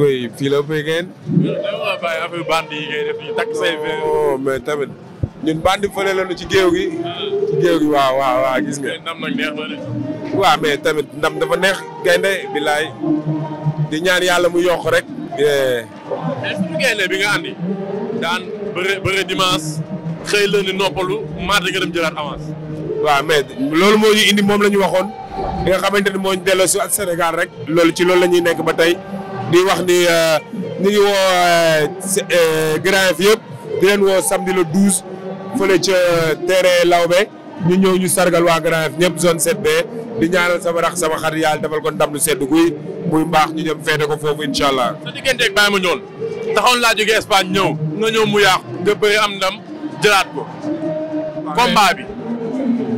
oui fii la bëgg ngeen. non mais tamit ñun bandi fële la ñu ci géew gi. ci géew gi waaw waaw waaw gis nga. waaw mais tamit ndam dafa neex gaynde bilaay di ñaan yàlla mu yokk rek. mais eh, suñu gaynde bi nga andi daan bëre bëre xëy na noppalu mardi nga dem jëlaat avance. waaw mais loolu mooy indi moom la ñu waxoon li nga xamante ni moo ñu delloo si ak Sénégal rek loolu ci loolu la ñuy nekk ba tey di wax ni euh, ñu ngi woo euh, euh, Grand Yoff yëpp di leen woo samedi le 12 fële ca terrain Lawbe ñu ñëw ñu sargal waa Grand Yoff ñëpp zone 7B di ñaanal sama rax sama xarit yàlla defal ko ndam lu sedd guy muy mbaax ñu dem feete ko foofu incha allah. sa digganteeg bàyyi ma ñoon taxoon laa jógee Espagne ñëw nga ñëw mu yaax nga bëri am ndam jëlaat ko. bi.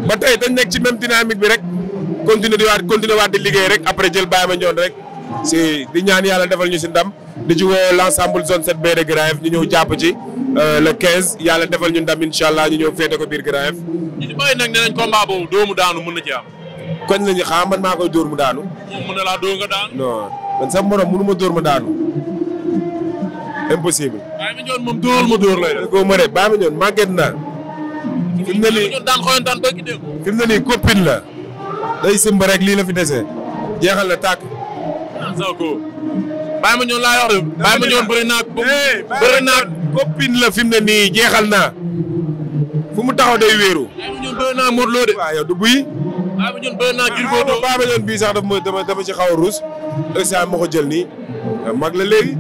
ba tey dañ nekk ci même dynamique bi rek continuer di waat continuer waat di liggéey rek après jël Baye Mandione rek si di ñaan yàlla defal ñu si ndam di ci woo l' ensemble zone 7B de ñu ñëw jàpp ci euh, le 15 yàlla defal ñu ndam incha allah ñu ñëw féete ko biir Grand Yoff. ñu ci bëri nag nee nañ combat boobu doomu daanu mën na ci am. kon la ñu xam man maa koy dóor mu daanu. mën na laa doo nga daanu. non sam sama morom mënu ma dóor ma daanu impossible. Baye Mandione moom dóoral ma dóor lay def. dëgg yoo ma de màgget naa fi mu ne nii la. day simb rek lii la fi dese. jeexal na tàkk. soo ma ñëw laa yor bàyyi ma ñëw bëri naa eh, bëri naa copine la fi mu ne nii jeexal naa. fu mu taxaw day wéeru. bàyyi ma ñëw bëri naa Modou Lo de. buy. sax daf ma dama dama xaw a ruus. Ousseyn ma ko jël nii. mag la léegi.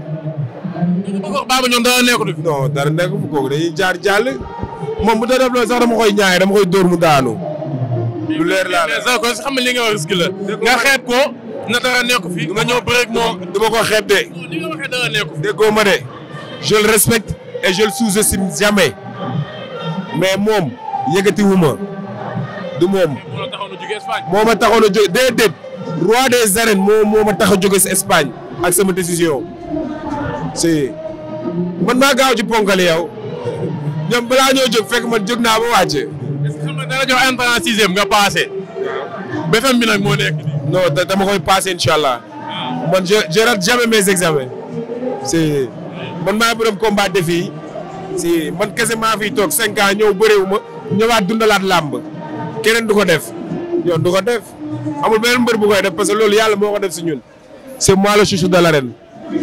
bàyyi ma ñëw dara nekkul. non dara nekkul kooku dañuy jaar jàll. moom bu dee def loolu sax dama koy ñaay dama koy dóor mu daanu. lu leer laa la mais ko xam nga li ko na dara nekk fi nga ñëw bëreeg moom. du ma ko xeeb de. li nga waxee dara nekk fi. déggoo ma de je le respecte et je le sous mais moom yëkkatiwu ma du moom. moo ma taxoon a jóge déedéet roi des arènes moo moo ma tax a jóge si Espagne ak sama décision. si man maa gaaw ci ponkali ñoom balaa ñoo jóg fekk man jóg naa ba wàcce. est-ce que nga dana jox bi nag moo nekk. non dama koy passé incha allah. man je je rate jamais mes si man maa borom combat défi si man kese maa fiy toog cinq ans ñëw bëreewu ma ñëwaat dundalaat làmb keneen du ko def yoon du ko def amul beneen mbër bu koy def parce que loolu yàlla moo ko def si ñun. c'est moi le chouchou de l'arène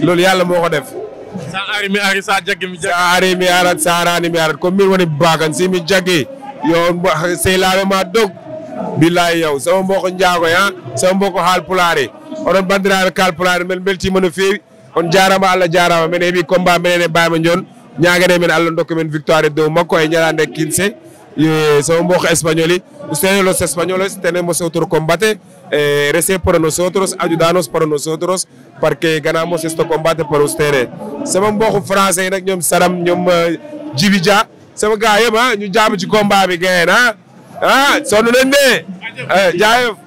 loolu yàlla moo ko def. sa mi arat sa arani mi arat ko min woni bakan si mi jaggi yo sehlaɓe ma dog billahi yow sama mbokk njaagoy ha sama mbokk haalpulaar e oɗon banndiraaɓe kalpulaar men mbeltima no feewi on jaarama allah jaarama men heeɓi combat menen e bama jon ñaguene men allah dokka victoire e dow makko e ñalande kinse somos monjas españoles, ustedes los españoles tenemos otro combate, eh, recen por nosotros, ayudarnos por para que ganamos este combate por ustedes. Somos monjas francés, ñom saram ñom jibija, sama gaay eh, ma ah, ñu japp ci combat bi gaay na. Ah, ah